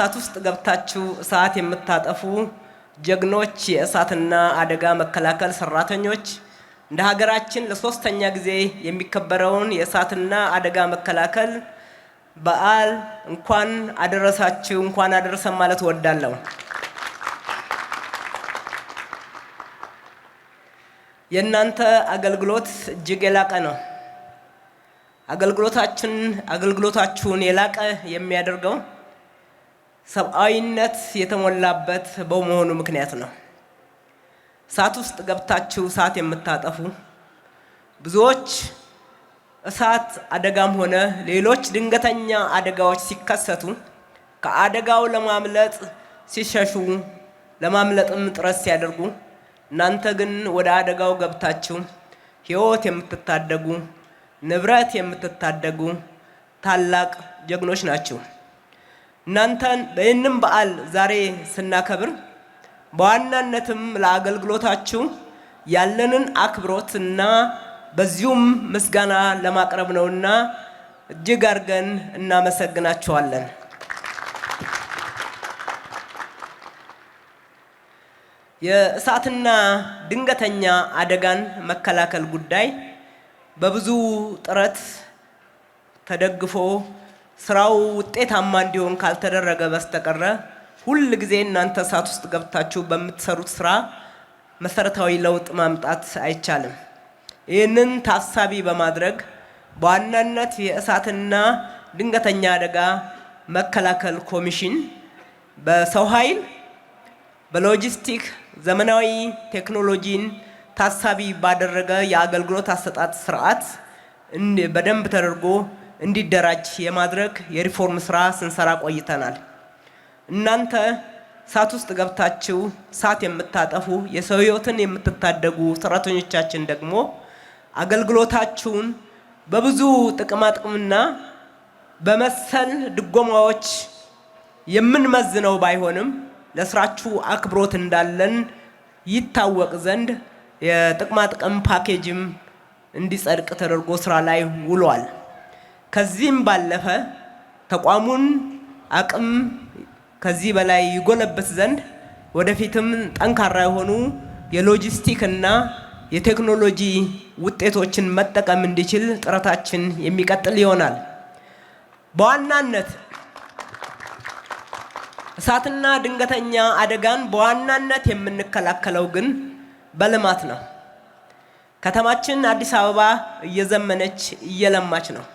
እሳት ውስጥ ገብታችሁ እሳት የምታጠፉ ጀግኖች የእሳትና አደጋ መከላከል ሰራተኞች እንደ ሀገራችን ለሶስተኛ ጊዜ የሚከበረውን የእሳትና አደጋ መከላከል በዓል እንኳን አደረሳችሁ እንኳን አደረሰን ማለት እወዳለሁ። የእናንተ አገልግሎት እጅግ የላቀ ነው። አገልግሎታችን አገልግሎታችሁን የላቀ የሚያደርገው ሰብአዊነት የተሞላበት በመሆኑ ምክንያት ነው። እሳት ውስጥ ገብታችሁ እሳት የምታጠፉ ብዙዎች እሳት አደጋም ሆነ ሌሎች ድንገተኛ አደጋዎች ሲከሰቱ ከአደጋው ለማምለጥ ሲሸሹ፣ ለማምለጥም ጥረት ሲያደርጉ፣ እናንተ ግን ወደ አደጋው ገብታችሁ ሕይወት የምትታደጉ ንብረት የምትታደጉ ታላቅ ጀግኖች ናችሁ። እናንተን ይህንም በዓል ዛሬ ስናከብር በዋናነትም ለአገልግሎታችሁ ያለንን አክብሮትና በዚሁም ምስጋና ለማቅረብ ነውና እጅግ አድርገን እናመሰግናችኋለን። የእሳትና ድንገተኛ አደጋን መከላከል ጉዳይ በብዙ ጥረት ተደግፎ ስራው ውጤታማ እንዲሆን ካልተደረገ በስተቀረ ሁል ጊዜ እናንተ እሳት ውስጥ ገብታችሁ በምትሰሩት ስራ መሰረታዊ ለውጥ ማምጣት አይቻልም። ይህንን ታሳቢ በማድረግ በዋናነት የእሳትና ድንገተኛ አደጋ መከላከል ኮሚሽን በሰው ኃይል፣ በሎጂስቲክ ዘመናዊ ቴክኖሎጂን ታሳቢ ባደረገ የአገልግሎት አሰጣጥ ስርዓት በደንብ ተደርጎ እንዲደራጅ የማድረግ የሪፎርም ስራ ስንሰራ ቆይተናል። እናንተ እሳት ውስጥ ገብታችሁ ሳት የምታጠፉ የሰው ህይወትን የምትታደጉ ሰራተኞቻችን ደግሞ አገልግሎታችሁን በብዙ ጥቅማጥቅምና በመሰል ድጎማዎች የምንመዝነው ባይሆንም ለስራችሁ አክብሮት እንዳለን ይታወቅ ዘንድ የጥቅማጥቅም ፓኬጅም እንዲጸድቅ ተደርጎ ስራ ላይ ውሏል። ከዚህም ባለፈ ተቋሙን አቅም ከዚህ በላይ ይጎለበት ዘንድ ወደፊትም ጠንካራ የሆኑ የሎጂስቲክ እና የቴክኖሎጂ ውጤቶችን መጠቀም እንዲችል ጥረታችን የሚቀጥል ይሆናል። በዋናነት እሳትና ድንገተኛ አደጋን በዋናነት የምንከላከለው ግን በልማት ነው። ከተማችን አዲስ አበባ እየዘመነች እየለማች ነው።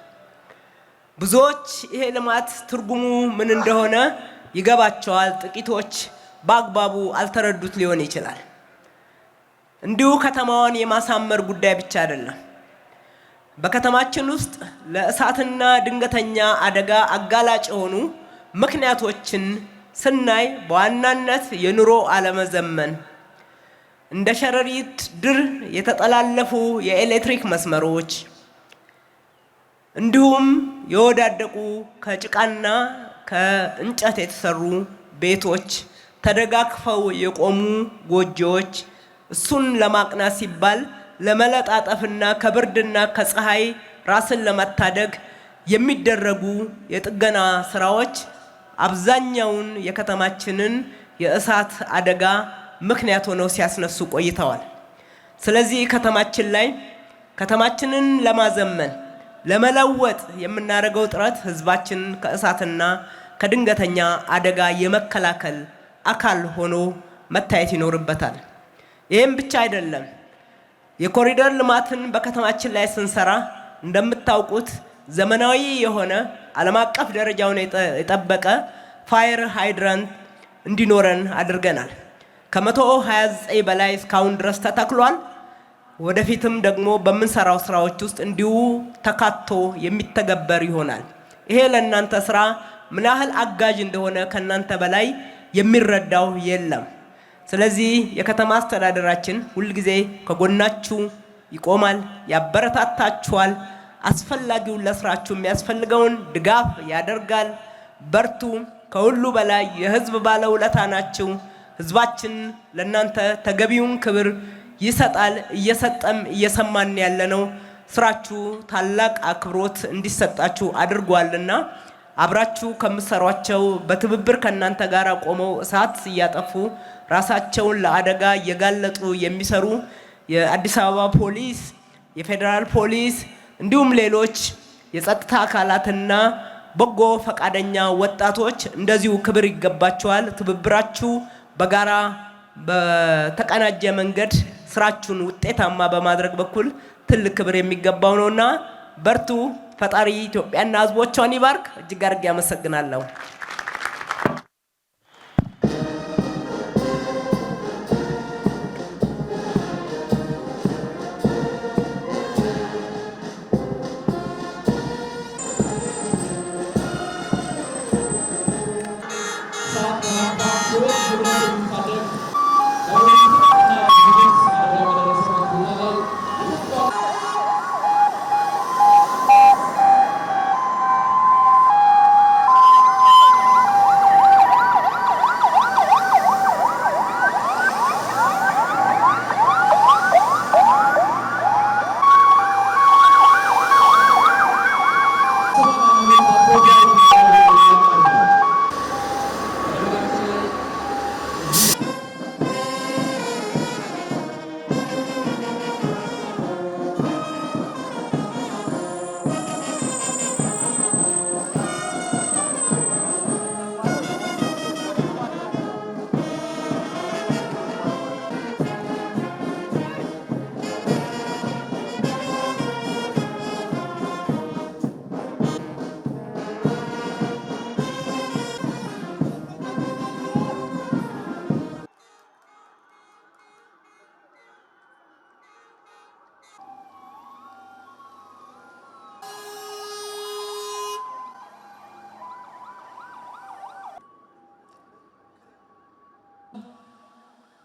ብዙዎች ይሄ ልማት ትርጉሙ ምን እንደሆነ ይገባቸዋል፣ ጥቂቶች በአግባቡ አልተረዱት ሊሆን ይችላል። እንዲሁ ከተማዋን የማሳመር ጉዳይ ብቻ አይደለም። በከተማችን ውስጥ ለእሳትና ድንገተኛ አደጋ አጋላጭ የሆኑ ምክንያቶችን ስናይ በዋናነት የኑሮ አለመዘመን፣ እንደ ሸረሪት ድር የተጠላለፉ የኤሌክትሪክ መስመሮች እንዲሁም የወዳደቁ ከጭቃና ከእንጨት የተሰሩ ቤቶች፣ ተደጋግፈው የቆሙ ጎጆዎች እሱን ለማቅናት ሲባል ለመለጣጠፍና ከብርድና ከፀሐይ ራስን ለመታደግ የሚደረጉ የጥገና ስራዎች አብዛኛውን የከተማችንን የእሳት አደጋ ምክንያት ሆነው ሲያስነሱ ቆይተዋል። ስለዚህ ከተማችን ላይ ከተማችንን ለማዘመን ለመለወጥ የምናደርገው ጥረት ህዝባችን ከእሳትና ከድንገተኛ አደጋ የመከላከል አካል ሆኖ መታየት ይኖርበታል። ይህም ብቻ አይደለም። የኮሪደር ልማትን በከተማችን ላይ ስንሰራ እንደምታውቁት ዘመናዊ የሆነ ዓለም አቀፍ ደረጃውን የጠበቀ ፋየር ሃይድራንት እንዲኖረን አድርገናል። ከ 29 በላይ እስካሁን ድረስ ተተክሏል። ወደፊትም ደግሞ በምንሰራው ስራዎች ውስጥ እንዲሁ ተካቶ የሚተገበር ይሆናል። ይሄ ለእናንተ ስራ ምን ያህል አጋዥ እንደሆነ ከእናንተ በላይ የሚረዳው የለም። ስለዚህ የከተማ አስተዳደራችን ሁልጊዜ ከጎናችሁ ይቆማል፣ ያበረታታችኋል፣ አስፈላጊውን ለስራችሁ የሚያስፈልገውን ድጋፍ ያደርጋል። በርቱ፣ ከሁሉ በላይ የህዝብ ባለውለታ ናችሁ። ህዝባችን ለእናንተ ተገቢውን ክብር ይሰጣል። እየሰጠም እየሰማን ያለ ነው። ስራችሁ ታላቅ አክብሮት እንዲሰጣችሁ አድርጓልና አብራችሁ ከምትሰሯቸው በትብብር ከእናንተ ጋር ቆመው እሳት እያጠፉ ራሳቸውን ለአደጋ እየጋለጡ የሚሰሩ የአዲስ አበባ ፖሊስ፣ የፌዴራል ፖሊስ እንዲሁም ሌሎች የጸጥታ አካላትና በጎ ፈቃደኛ ወጣቶች እንደዚሁ ክብር ይገባቸዋል። ትብብራችሁ በጋራ በተቀናጀ መንገድ ስራችሁን ውጤታማ በማድረግ በኩል ትልቅ ክብር የሚገባው ነውና በርቱ። ፈጣሪ ኢትዮጵያና ህዝቦቿን ይባርክ። እጅግ አድርጌ አመሰግናለሁ።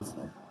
Chancellor.